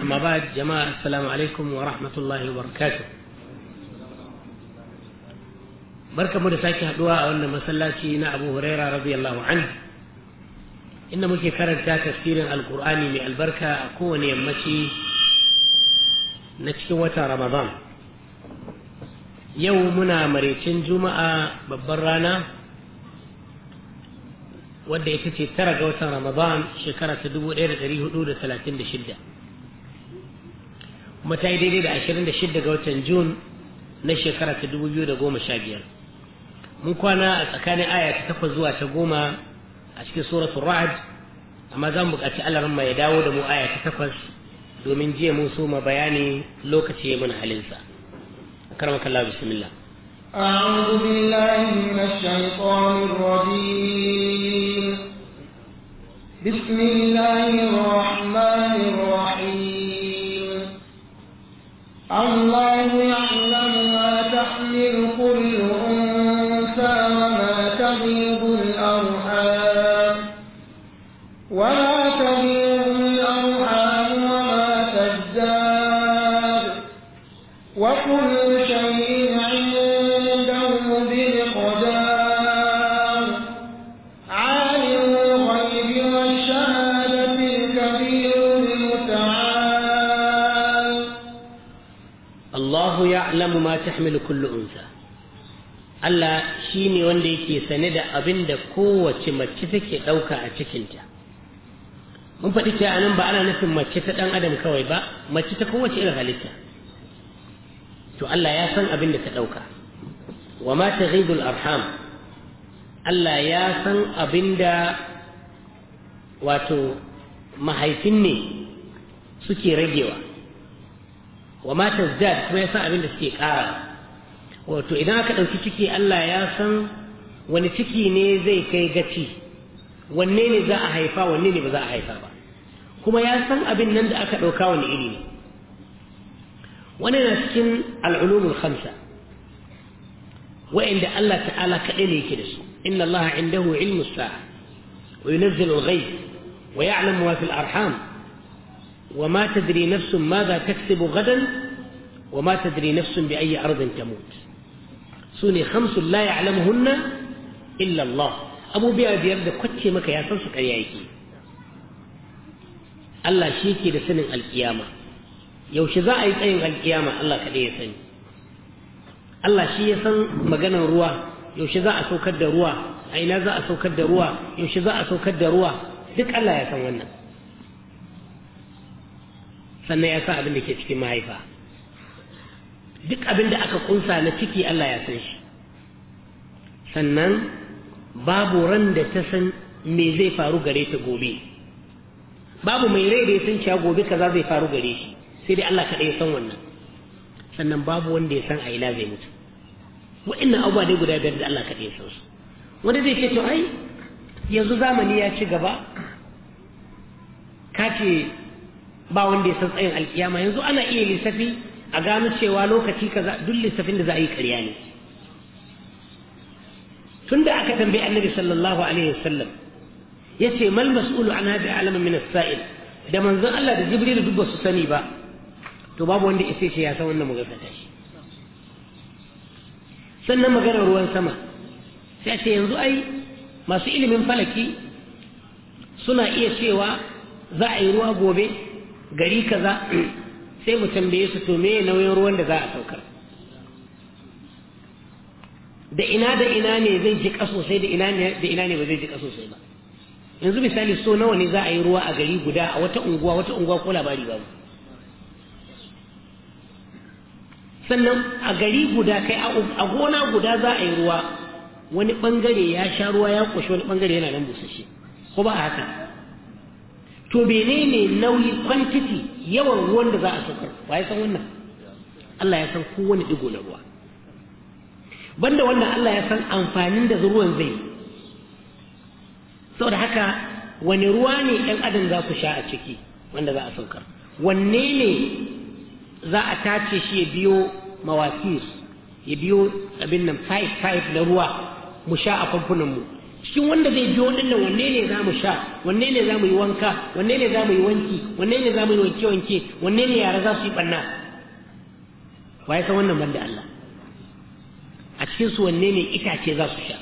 أما بعد جماعة السلام عليكم ورحمة الله وبركاته بركة مدساكي هدواء أن مسلاتي أبو هريرة رضي الله عنه إن مكي كرنتا تفسير القرآن من البركة أكون يمشي نتشي وتا رمضان يومنا مريتين جمعة ببرانا wadda ita ce tara ga watan ramadan shekara ta dubu ɗaya da ɗari hudu da talatin da shidda kuma ta yi daidai da ashirin da shidda ga watan jun na shekara ta dubu biyu da goma sha biyar mun kwana a tsakanin aya ta takwas zuwa ta goma a cikin suratul ra'ad amma za mu buƙaci alarin ya dawo da mu aya ta takwas domin jiya mun so ma bayani lokaci ya mana halinsa a الله بسم bisimillah. أعوذ بالله من الشيطان الرجيم بسم الله الرحمن الرحيم الله يعلم ما تحمل كل أنثى Allah shi ne wanda yake sane da abin da kowace mace take ɗauka a cikinta mun faɗi cewa anan ba ana nufin mace ta ɗan adam kawai ba mace ta kowace irin halitta to Allah ya san abin da ta ɗauka wa ma ta arham Allah ya san abin da wato mahaifin ne suke ragewa wa ma ta kuma ya san abin da suke ƙara wato idan aka ɗauki ciki Allah ya san wani ciki ne zai kai gaci wanne ne za a haifa wanne ne ba za a haifa ba kuma ya san abin nan da aka ɗauka wani iri ne wani na cikin al'ulumul khamsa wa'inda Allah ta'ala kaɗai ne yake da su inna Allah indahu ilmu sa'a wa yunazzilu ghayb wa ya'lamu ma fil arham wa ma tadri nafsun ma za taksubu gadan wa ma tadri nafsun bi ayyi ardin tamut su ne khamsun la ya'lamuhunna illa Allah abubuwa biyar da kwace maka ya san su ƙarya yake Allah shi ke da sanin alkiyama yaushe za a yi tsayin alkiyama Allah kaɗai ya sani Allah shi ya san maganar ruwa yaushe za a saukar da ruwa a ina za a saukar da ruwa yaushe za a saukar da ruwa duk Allah ya san wannan sannan ya san abin da ke cikin mahaifa duk abin da aka kunsa na ciki Allah ya san shi sannan babu ran da ta san me zai faru gare ta gobe babu mai rai da ya san cewa gobe kaza zai faru gare shi sai dai Allah kaɗai ya san wannan sannan babu wanda ya san a ina zai mutu wa'annan abubuwa dai guda biyar da Allah kaɗai ya san su wanda zai ce to ai yanzu zamani ya ci gaba ka ce ba wanda ya san tsayin alkiyama yanzu ana iya lissafi a gano cewa lokaci kaza duk lissafin da za a yi ƙarya ne tunda aka tambayi annabi sallallahu alaihi wasallam yace mal mas'ulu an hadi alamin min sail da manzon Allah da Jibril duk ba su sani ba to babu wanda ya ce ya san wannan magana ta shi sannan maganar ruwan sama sai ce yanzu ai masu ilimin falaki suna iya cewa za a yi ruwa gobe gari kaza sai mu tambaye su to me nauyin ruwan da za a saukar da ina da ina ne zai kaso sosai da ina ne da ina ne ba zai kaso sosai ba yanzu misali so nawa ne za a yi ruwa a gari guda a wata unguwa wata unguwa ko labari babu sannan a gari guda kai a gona guda za a yi ruwa wani bangare ya sha ruwa ya ƙoshi wani bangare yana nan busasshe ko ba a haka to bene ne nauyi kwantiti yawan ruwan da za a saukar ba ya san wannan Allah ya san kowane digo na ruwa banda wannan Allah ya san amfanin da ruwan zai saboda haka wani ruwa ne ɗan adam za ku sha a ciki wanda za a saukar wanne ne za a tace shi ya biyo mawasir ya biyo abin nan five five na ruwa mu sha a famfunanmu cikin wanda zai biyo waɗannan wanne ne za mu sha wanne ne za mu yi wanka wanne ne za mu yi wanki wanne ne za mu yi wanke wanke wanne ne yara za su yi ɓanna wa ya san wannan banda Allah cikin su wanne ne itace za su sha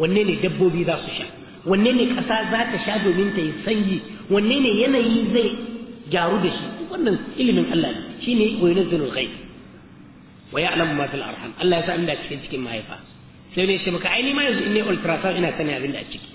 wanne ne dabbobi za su sha wanne ne ƙasa za ta sha domin ta yi sanyi wanne ne yanayi zai gyaru da shi wannan ilimin Allah ne shine wa yunzilul ghaib wa ya'lamu ma fil arham Allah ya sa inda cikin cikin mahaifa sai ne shi maka ai ni ma yanzu in ne ultrasound ina sani abin da a ciki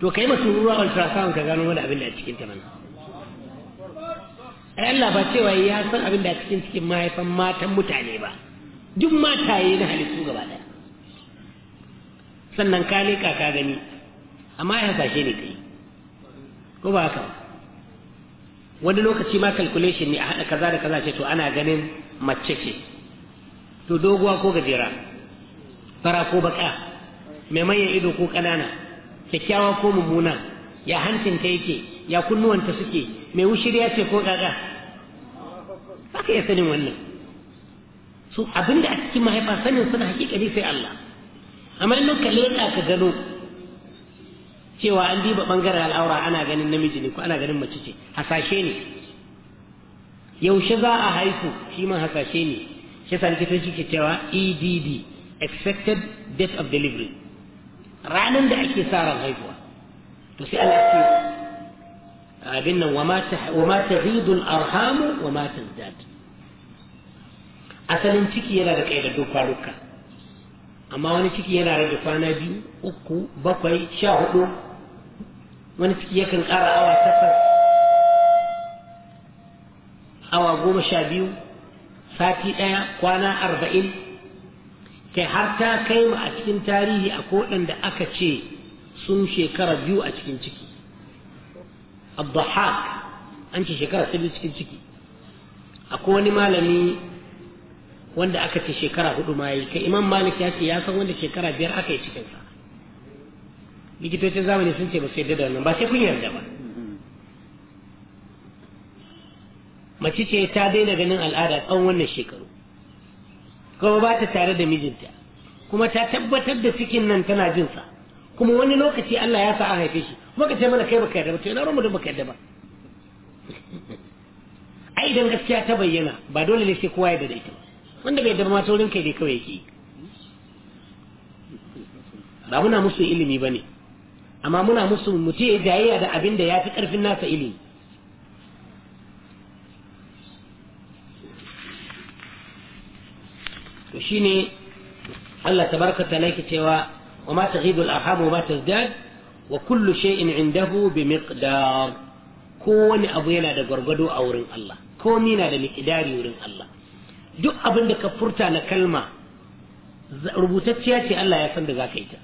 to kai ma ruwa ultrasound ka gano wani abin da a cikin ta nan ai Allah ba cewa ya san abin da a cikin cikin mahaifan matan mutane ba duk mataye na halittu gaba ɗaya sannan ka leƙa ka gani amma ya hasashe ne kai ko ba haka wani lokaci ma calculation ne a haɗa kaza da kaza ce to ana ganin mace ce to doguwa ko gajera fara ko baka mai manyan ido ko ƙanana kyakkyawa ko mummuna ya hancin ta yake ya kunnuwanta suke mai wushiriya ce ko ƙaƙa haka ka iya sanin wannan so abin da a cikin mahaifa sanin suna hakika ne sai Allah amma in ka leƙa ka gano cewa an diba bangaren al'aura ana ganin namiji ne ko ana ganin mace ce hasashe ne yaushe za a haihu shi ma hasashe ne shi sa shi ke cewa EDD expected date of delivery ranar da ake sa ran haihuwa to sai Allah ce abin nan wa ma wa ma tahidul arham wa ma tazdad asalin ciki yana da ƙaidaddun kwanuka amma wani ciki yana rage kwana biyu uku bakwai sha hudu wani ciki yakan ƙara awa takwas awa goma sha biyu sati ɗaya kwana arba'in kai har ta kai ma a cikin tarihi a koɗin da aka ce sun shekara biyu a cikin ciki abdullahi an ce shekara ta cikin ciki akwai wani malami wanda aka ce shekara hudu ma yi kai imam malik ya ce ya san wanda shekara biyar aka yi cikin sa likitocin zamani sun ce ba su yarda da wannan ba sai kun yarda ba mace ce ta daina ganin al'ada tsawon wannan shekaru kuma ba ta tare da mijinta kuma ta tabbatar da cikin nan tana jin sa kuma wani lokaci Allah ya sa a haife shi kuma ka ce mana kai baka yarda ba to ina ruwan mutum baka yarda ba ai idan gaskiya ta bayyana ba dole ne sai kowa ya da ita ba wanda bai darma taurin kai dai kawai yake ba muna musu ilimi ba ne amma muna musu mutu ya jayayya da abin da ya fi karfin nasa ilimi to shine Allah tabaraka ta laiki cewa wa ma taghidul arham wa ma tazdad wa kullu shay'in indahu bi miqdar kowani abu yana da gwargwado a wurin Allah komi na da miqdari wurin Allah duk abin da ka furta na kalma rubutacciya ce Allah ya san da za ka yi ta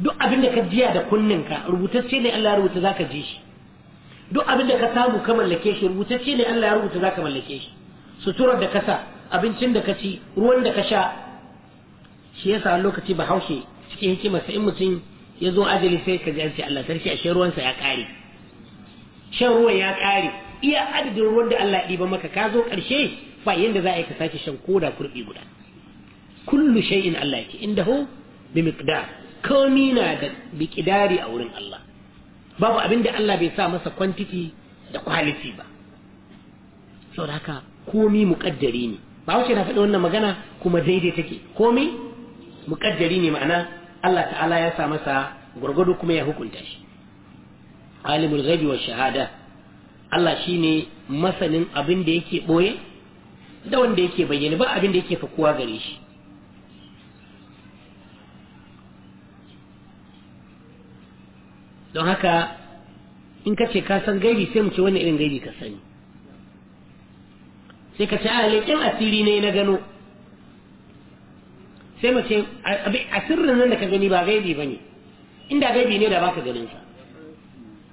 duk abin da ka jiya da kunninka rubutacce ne Allah ya rubuta za ka ji shi duk abin da ka samu ka mallake shi rubutacce ne Allah ya rubuta za ka mallake shi suturar da ka sa abincin da ka ci ruwan da ka sha shi yasa lokaci ba haushe cikin hikima sai mutum ya zo ajali sai ka ji an ce Allah sarki ashe ruwansa ya kare shan ruwan ya kare iya adadin ruwan da Allah ya ɗiba maka ka zo ƙarshe ba yanda za a yi ka sake shan koda kurbi guda kullu shay'in Allah yake indahu bi miqdar komi na da miqdari a wurin Allah babu abin da Allah bai sa masa quantity da quality ba saboda haka komi muqaddari ne ba wuce na faɗi wannan magana kuma daidai take komi muqaddari ne ma'ana Allah ta'ala ya sa masa gurgudu kuma ya hukunta shi alimul ghaibi wa shahada Allah shine masanin abin da yake boye da wanda yake bayyane ba abin da yake fakuwa gare shi don haka in ka ce ka san gaibi sai mu ce wani irin gaibi ka sani sai ka ce a leƙen asiri ne na gano sai mu ce a sirrin nan da ka gani ba gaibi ba ne inda gaibi ne da ba ka ganinsa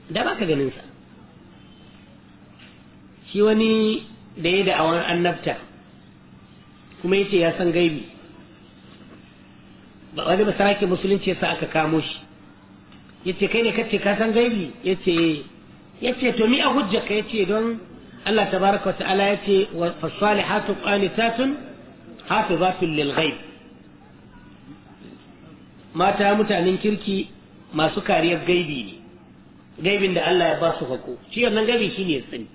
da ba ka ganinsa shi wani da ya da'awar annabta kuma yace ya san gaibi ba wani masaraki musulunci yasa aka kamo shi ya ce kai ne kace ka san gaibi yace eh. ce to mi a hujja ka yace don Allah Ta wa ta'ala yace kwani tatun qanitatun za su lilgai mata mutanen kirki masu kariyar gaibi ne gaibin da Allah ya ba su hako shi wannan gaibi ne ya tsini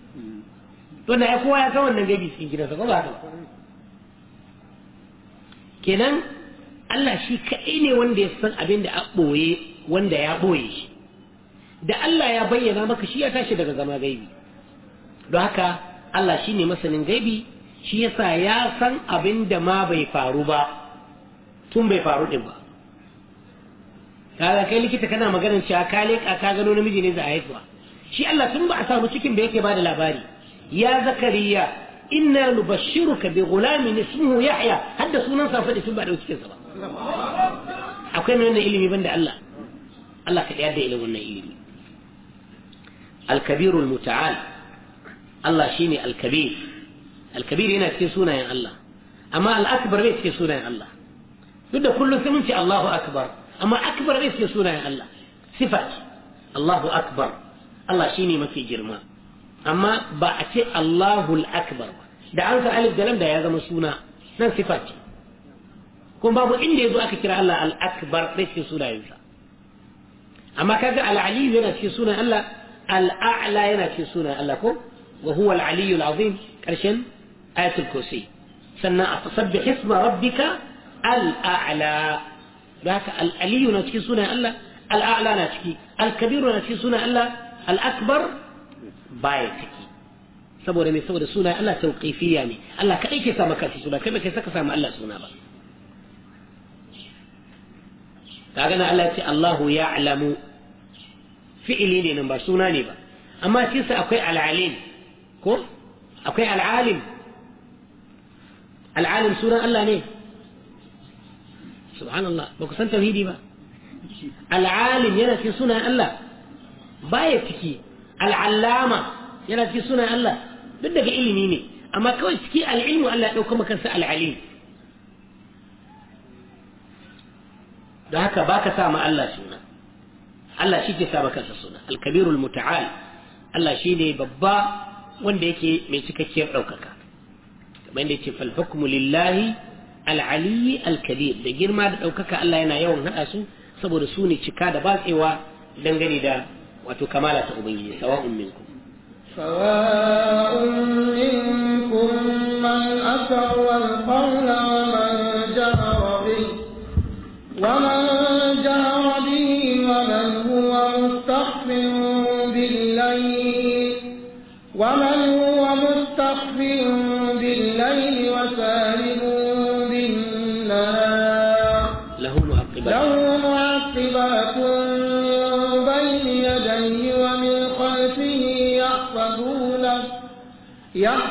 don da ya kowa ya san wannan gaibi cikin gidansa ko ba haka kenan Allah shi kaɗai ne wanda ya san abin da a ɓoye wanda ya ɓoye shi da Allah ya bayyana maka shi ya tashi daga zama gaibi don haka Allah shi ne masanin gaibi shi ya sa ya san abin da ma bai faru ba tun bai faru din ba kaga kai likita kana maganin cewa ka leƙa ka gano namiji ne za a haifuwa shi Allah tun ba a samu cikin da yake ba da labari يا زكريا إنا نبشرك بغلام اسمه يحيى هذا سنان صافي اسم بعد وكيف سبا أكيد من إلي من بند الله الله كيادة إلي من إلي الكبير المتعال الله شيني الكبير الكبير هنا تكسونا يا الله أما الأكبر ليس كسونا يا الله يقول كل ثمن الله أكبر أما أكبر ليس كسونا يا الله صفات الله أكبر الله شيني ما في جرمان أما بعتي الله الأكبر دع أنت ألف قلم ده يا زلمة سونا نان صفات كم بابو إني يدو أخي كرا الأكبر ليس في سونا يوسا أما كذا العلي هنا في سونا الله الأعلى هنا في سونا الله كم وهو العلي العظيم كرشن آية الكرسي سنة أتصبح اسم ربك الأعلى ذاك العلي هنا في سونا الله الأعلى هنا الكبير هنا في سونا الله الأكبر baya ciki saboda me saboda suna Allah tauqifiyya ne Allah kadai ke sa maka suna kai kai saka samu Allah suna ba kaga na Allah ya ce Allahu ya'lamu fi'ili ne nan ba suna ne ba amma cikin sa akwai al'alim ko akwai al'alim al'alim suna Allah ne subhanallah ba ku san tauhidi ba al'alim yana cikin sunan Allah baya ciki al'allama yana cikin suna Allah duk daga ilimi ne amma kawai cikin al'ilmu Allah ya ɗauka makansa al'alim da haka ba ka sama Allah suna Allah shi ke sa kansa suna alkabirul muta'al Allah shi ne babba wanda yake mai cikakkiyar ɗaukaka kamar yadda yake falhukmu lillahi al'aliyi alkabir da girma da ɗaukaka Allah yana yawan haɗa su saboda su ne cika da batsewa dangane da وتكمال تقضيه سواء منكم سواء منكم من أسر القول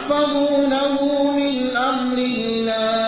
يحفظونه من أمر الله